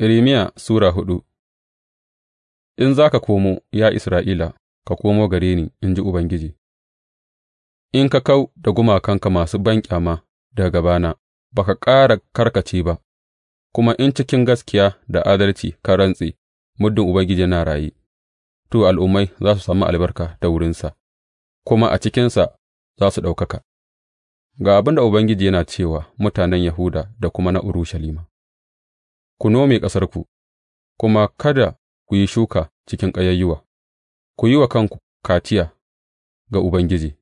Irmiya Sura hudu In za ka komo, ya Isra'ila, ka komo gare ni, in ji Ubangiji, in ka kau da gumakanka masu banƙyama daga gabana, ba ka ƙara karkace ba, kuma in cikin gaskiya da adalci ka rantse, muddin Ubangiji na raye, to, al'ummai za su sami albarka da wurinsa, kuma a cikinsa za su ɗaukaka. Ga abin da Ubangiji yana cewa mutanen Yahuda da kuma na Urushalima. Ku nome ƙasarku, kuma kada ku yi shuka cikin ƙayayyuwa; ku yi wa kanku kaciya ga Ubangiji,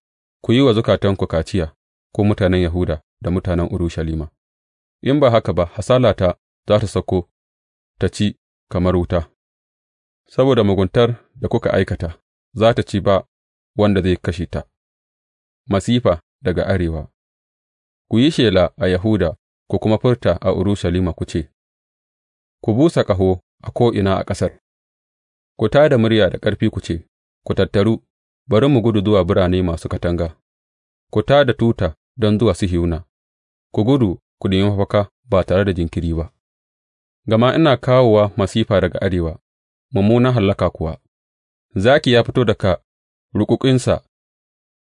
ku yi wa zukatanku kaciya, ku mutanen Yahuda da mutanen Urushalima, in ba haka ba hasalata za ta sauko ta ci kamar wuta, saboda muguntar da kuka aikata za ta ci ba wanda zai kashe ta, masifa daga arewa. Ku yi shela a Yahuda ku kuma furta a Urushalima ku ce. ku busa ƙaho a ko'ina a ƙasar, ku tā da murya da ƙarfi ku ce, Ku tattaru, bari mu gudu zuwa birane masu katanga, ku tā da tuta don zuwa Sihiyona, ku gudu ku nemi mafaka ba tare da jinkiri ba, gama ina kawowa masifa daga arewa, mummunan hallaka kuwa, zaki ya fito daga ruƙuƙinsa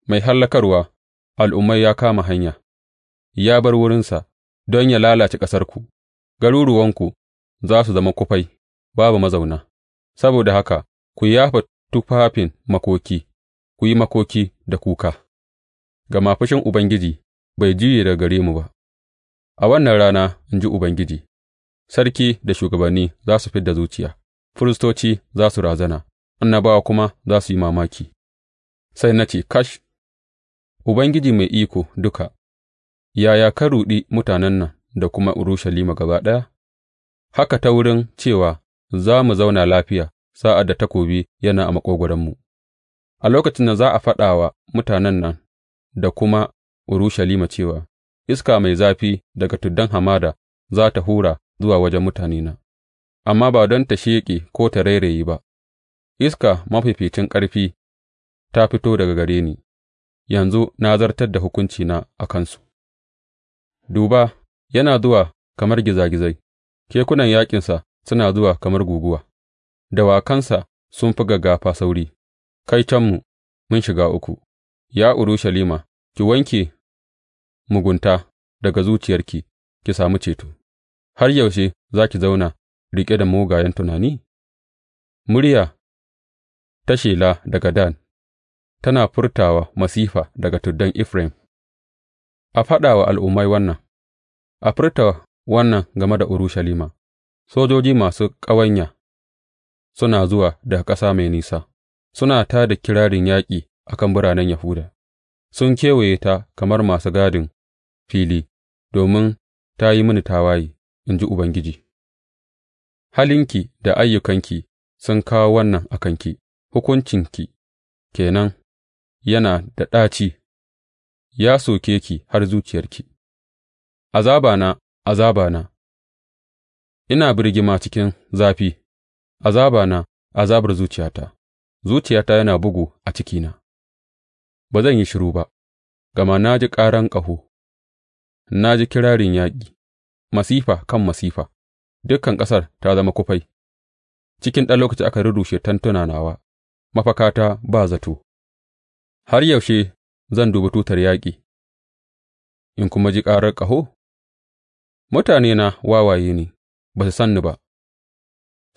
mai hallakarwa, al'ummai ya kama hanya, ya bar wurinsa don ya lalace ƙasarku, garuruwanku za su zama kufai babu mazauna, saboda haka ku yafa tufafin makoki, ku yi makoki da kuka, gama fushin Ubangiji bai juye daga gare mu ba. A wannan rana, in ji Ubangiji, sarki da shugabanni za su fid da zuciya, firistoci za su razana, annabawa kuma za su yi mamaki. Sai na ce, Kash, Ubangiji mai iko duka, yaya ka ruɗi mutanen nan da kuma Urushalima gaba ɗaya? haka ta wurin cewa za mu zauna lafiya sa'ad da takobi yana a maƙogwaronmu, a lokacin da za a faɗa wa mutanen nan da kuma Urushalima cewa, Iska mai zafi daga tuddan hamada za ta hura zuwa wajen mutanena, amma ba don ta sheƙe ko ta rairaye ba, iska mafificin ƙarfi ta fito daga gare ni, yanzu na zartar da hukuncina a kansu. Duba, yana zuwa kamar gizagizai. Kekunan yaƙinsa suna zuwa kamar guguwa, dawakansa sun fi gaggafa sauri; kaitonmu, mun shiga uku, Ya Urushalima, ki wanke mugunta daga zuciyarki ki sami ceto, har yaushe za ki zauna riƙe da mugayen tunani Murya ta shela daga Dan tana furtawa masifa daga tuddan Efraim, A faɗa wa al'ummai wannan, a furta. wannan game da Urushalima, Sojoji masu ƙawanya suna zuwa daga ƙasa mai nisa, suna tā da kirarin yaƙi a kan biranen Yahuda, sun kewaye ta kamar masu gadin fili, domin ta yi mini tawaye, in ji Ubangiji. Halinki da ayyukanki sun kawo wannan a kanki, hukuncinki kenan yana da ɗaci, ya soke ki har zuciyarki, azabana azabana, ina birgima cikin zafi, azabana, azabar zuciyata, zuciyata yana bugu a cikina, ba zan yi shiru ba, gama na ji ƙaran ƙaho, na ji kirarin yaƙi, masifa kan masifa, dukan ƙasar ta zama kufai, cikin ɗan lokaci aka rurrushe tantuna nawa, mafakata ba zato, har yaushe zan dubi tutar yaƙi in kuma ji ƙarar ƙaho? Mutanena wawaye ne, ba su san ni ba;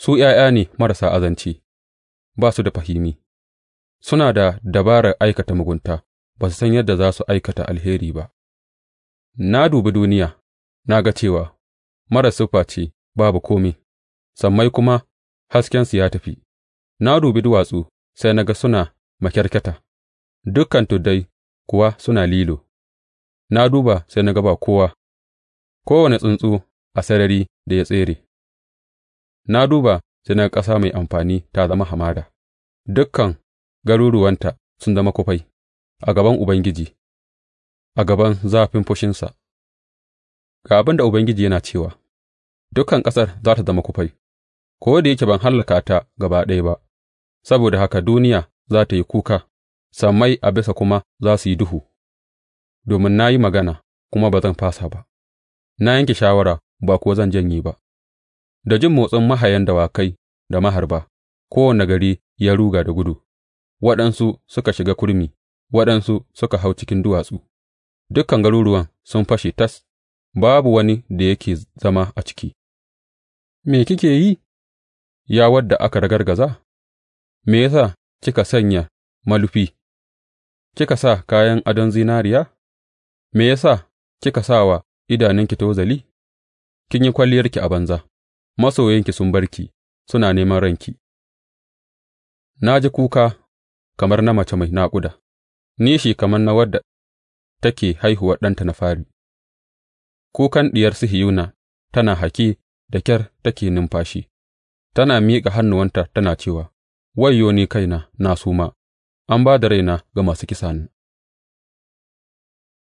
su ’ya'ya ne marasa azanci, ba su da fahimi, suna da dabarar aikata mugunta ba su san yadda za su aikata alheri ba; na dubi duniya na ga cewa marar siffa ce babu kome, sammai kuma haskensu ya tafi, na dubi duwatsu sai na ga suna makyarkyata, dukan tuddai kuwa suna lilo; na duba sai na ga ba kowa. kowane tsuntsu a sarari da ya tsere, na duba sai na ga ƙasa mai amfani ta zama hamada, dukan garuruwanta sun zama kufai a gaban Ubangiji, a gaban zafin fushinsa. Ga abin da Ubangiji yana cewa, Dukan ƙasar za ta zama kufai, ko da yake ban hallaka ta gaba ɗaya ba, saboda haka duniya za ta yi kuka, sammai a bisa kuma za su yi duhu, domin na yi magana kuma ba zan fasa ba. Na yanke shawara ba kuwa zan janye ba; da jin motsin mahayan dawakai da maharba, kowane gari ya ruga da gudu, waɗansu suka shiga kurmi, waɗansu suka hau cikin duwatsu, dukan garuruwan sun fashe tas, babu wani da yake zama a ciki. Me kike yi, ya wadda aka ragargaza? Me ya sa kika sanya malufi, kika sa kayan adon zinariya? Me ya sa kika sa wa idanunki tozali? Kin yi kwalliyarki a banza, masoyanki sun barki, suna neman ranki. Na ji kuka kamar na mace mai naƙuda, nishi kamar na wadda take haihuwar ɗanta na fari, kukan diyar sihiyuna tana haki da kyar take numfashi, tana miƙa hannuwanta tana cewa, Wayyo ni kaina na suma, an ba da raina ga masu kisana.